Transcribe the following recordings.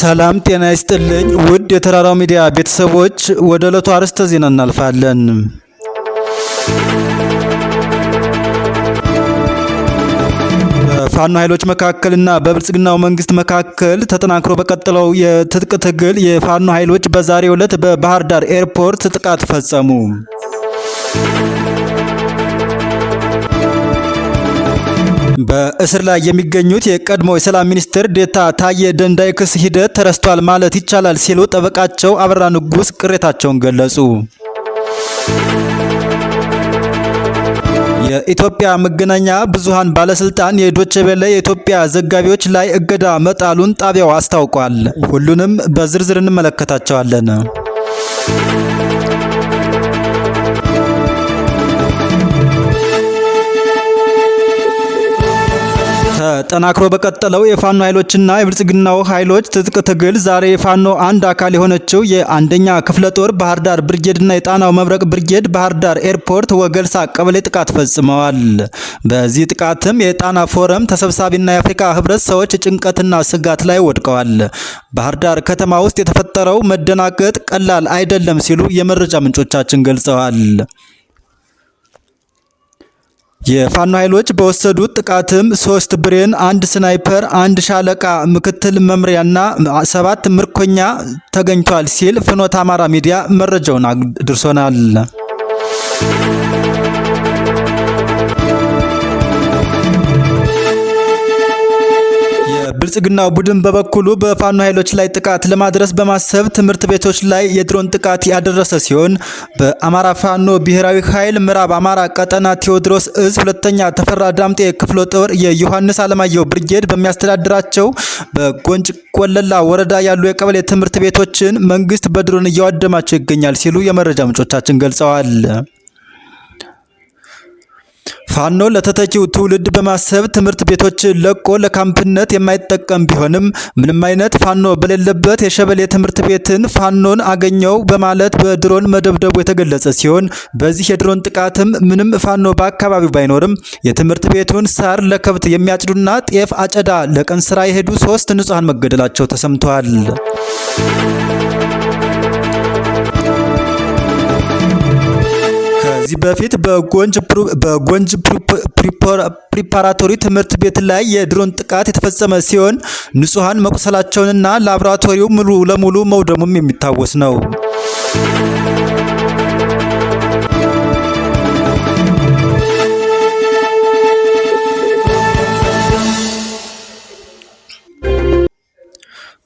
ሰላም ጤና ይስጥልኝ ውድ የተራራው ሚዲያ ቤተሰቦች፣ ወደ ዕለቱ አርዕስተ ዜና እናልፋለን። በፋኖ ኃይሎች መካከልና በብልጽግናው መንግስት መካከል ተጠናክሮ በቀጠለው የትጥቅ ትግል የፋኖ ኃይሎች በዛሬው ዕለት በባህር ዳር ኤርፖርት ጥቃት ፈጸሙ። በእስር ላይ የሚገኙት የቀድሞ የሰላም ሚኒስትር ዴታ ታዬ ደንዳ የክስ ሂደት ተረስቷል ማለት ይቻላል ሲሉ ጠበቃቸው አበራ ንጉስ ቅሬታቸውን ገለጹ። የኢትዮጵያ መገናኛ ብዙሃን ባለስልጣን የዶቼ ቬለ የኢትዮጵያ ዘጋቢዎች ላይ እገዳ መጣሉን ጣቢያው አስታውቋል። ሁሉንም በዝርዝር እንመለከታቸዋለን። ተጠናክሮ በቀጠለው የፋኖ ኃይሎችና የብልጽግናው ኃይሎች ትጥቅ ትግል ዛሬ የፋኖ አንድ አካል የሆነችው የአንደኛ ክፍለ ጦር ባህር ዳር ብርጌድና የጣናው መብረቅ ብርጌድ ባህር ዳር ኤርፖርት ወገልሳ ቀበሌ ጥቃት ፈጽመዋል። በዚህ ጥቃትም የጣና ፎረም ተሰብሳቢና የአፍሪካ ህብረት ሰዎች ጭንቀትና ስጋት ላይ ወድቀዋል። ባህር ዳር ከተማ ውስጥ የተፈጠረው መደናገጥ ቀላል አይደለም ሲሉ የመረጃ ምንጮቻችን ገልጸዋል። የፋኖ ኃይሎች በወሰዱት ጥቃትም ሶስት ብሬን፣ አንድ ስናይፐር፣ አንድ ሻለቃ ምክትል መምሪያና ሰባት ምርኮኛ ተገኝቷል ሲል ፍኖተ አማራ ሚዲያ መረጃውን አድርሶናል። የብልጽግናው ቡድን በበኩሉ በፋኖ ኃይሎች ላይ ጥቃት ለማድረስ በማሰብ ትምህርት ቤቶች ላይ የድሮን ጥቃት ያደረሰ ሲሆን በአማራ ፋኖ ብሔራዊ ኃይል ምዕራብ አማራ ቀጠና ቴዎድሮስ እዝ ሁለተኛ ተፈራ ዳምጤ ክፍለ ጦር የዮሐንስ አለማየሁ ብርጌድ በሚያስተዳድራቸው በጎንጭ ቆለላ ወረዳ ያሉ የቀበሌ ትምህርት ቤቶችን መንግስት በድሮን እያዋደማቸው ይገኛል ሲሉ የመረጃ ምንጮቻችን ገልጸዋል። ፋኖ ለተተኪው ትውልድ በማሰብ ትምህርት ቤቶች ለቆ ለካምፕነት የማይጠቀም ቢሆንም ምንም አይነት ፋኖ በሌለበት የሸበሌ ትምህርት ቤትን ፋኖን አገኘው በማለት በድሮን መደብደቡ የተገለጸ ሲሆን በዚህ የድሮን ጥቃትም ምንም ፋኖ በአካባቢው ባይኖርም የትምህርት ቤቱን ሳር ለከብት የሚያጭዱና ጤፍ አጨዳ ለቀን ስራ የሄዱ ሶስት ንጹሐን መገደላቸው ተሰምተዋል። ከዚህ በፊት በጎንጅ ፕሪፓራቶሪ ትምህርት ቤት ላይ የድሮን ጥቃት የተፈጸመ ሲሆን ንጹሐን መቁሰላቸውንና ላቦራቶሪው ሙሉ ለሙሉ መውደሙም የሚታወስ ነው።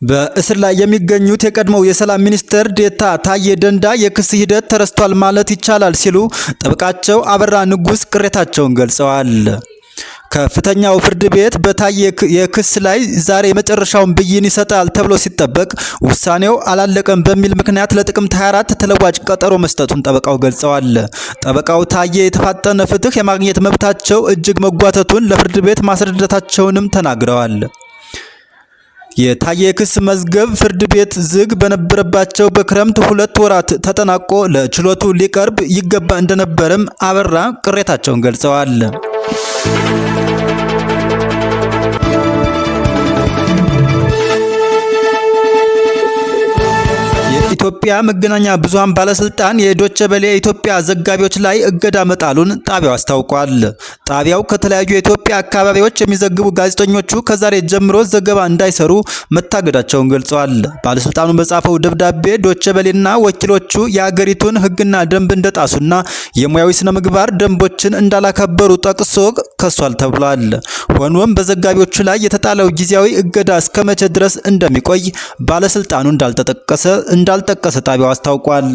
በእስር ላይ የሚገኙት የቀድሞው የሰላም ሚኒስትር ዴታ ታዬ ደንዳ የክስ ሂደት ተረስቷል ማለት ይቻላል ሲሉ ጠበቃቸው አበራ ንጉስ ቅሬታቸውን ገልጸዋል። ከፍተኛው ፍርድ ቤት በታዬ የክስ ላይ ዛሬ የመጨረሻውን ብይን ይሰጣል ተብሎ ሲጠበቅ ውሳኔው አላለቀም በሚል ምክንያት ለጥቅምት 24 ተለዋጭ ቀጠሮ መስጠቱን ጠበቃው ገልጸዋል። ጠበቃው ታዬ የተፋጠነ ፍትህ የማግኘት መብታቸው እጅግ መጓተቱን ለፍርድ ቤት ማስረዳታቸውንም ተናግረዋል። የታየ ክስ መዝገብ ፍርድ ቤት ዝግ በነበረባቸው በክረምት ሁለት ወራት ተጠናቆ ለችሎቱ ሊቀርብ ይገባ እንደነበረም አበራ ቅሬታቸውን ገልጸዋል። የኢትዮጵያ መገናኛ ብዙሃን ባለስልጣን የዶቼ ቬለ የኢትዮጵያ ዘጋቢዎች ላይ እገዳ መጣሉን ጣቢያው አስታውቋል። ጣቢያው ከተለያዩ የኢትዮጵያ አካባቢዎች የሚዘግቡ ጋዜጠኞቹ ከዛሬ ጀምሮ ዘገባ እንዳይሰሩ መታገዳቸውን ገልጿል። ባለስልጣኑ በጻፈው ደብዳቤ ዶቼ ቬለና ወኪሎቹ የአገሪቱን ሕግና ደንብ እንደጣሱና የሙያዊ ስነ ምግባር ደንቦችን እንዳላከበሩ ጠቅሶ ከሷል ተብሏል። ሆኖም በዘጋቢዎቹ ላይ የተጣለው ጊዜያዊ እገዳ እስከ መቼ ድረስ እንደሚቆይ ባለስልጣኑ እንዳልተጠቀሰ እንዳልጠቀሰ ጣቢያው አስታውቋል።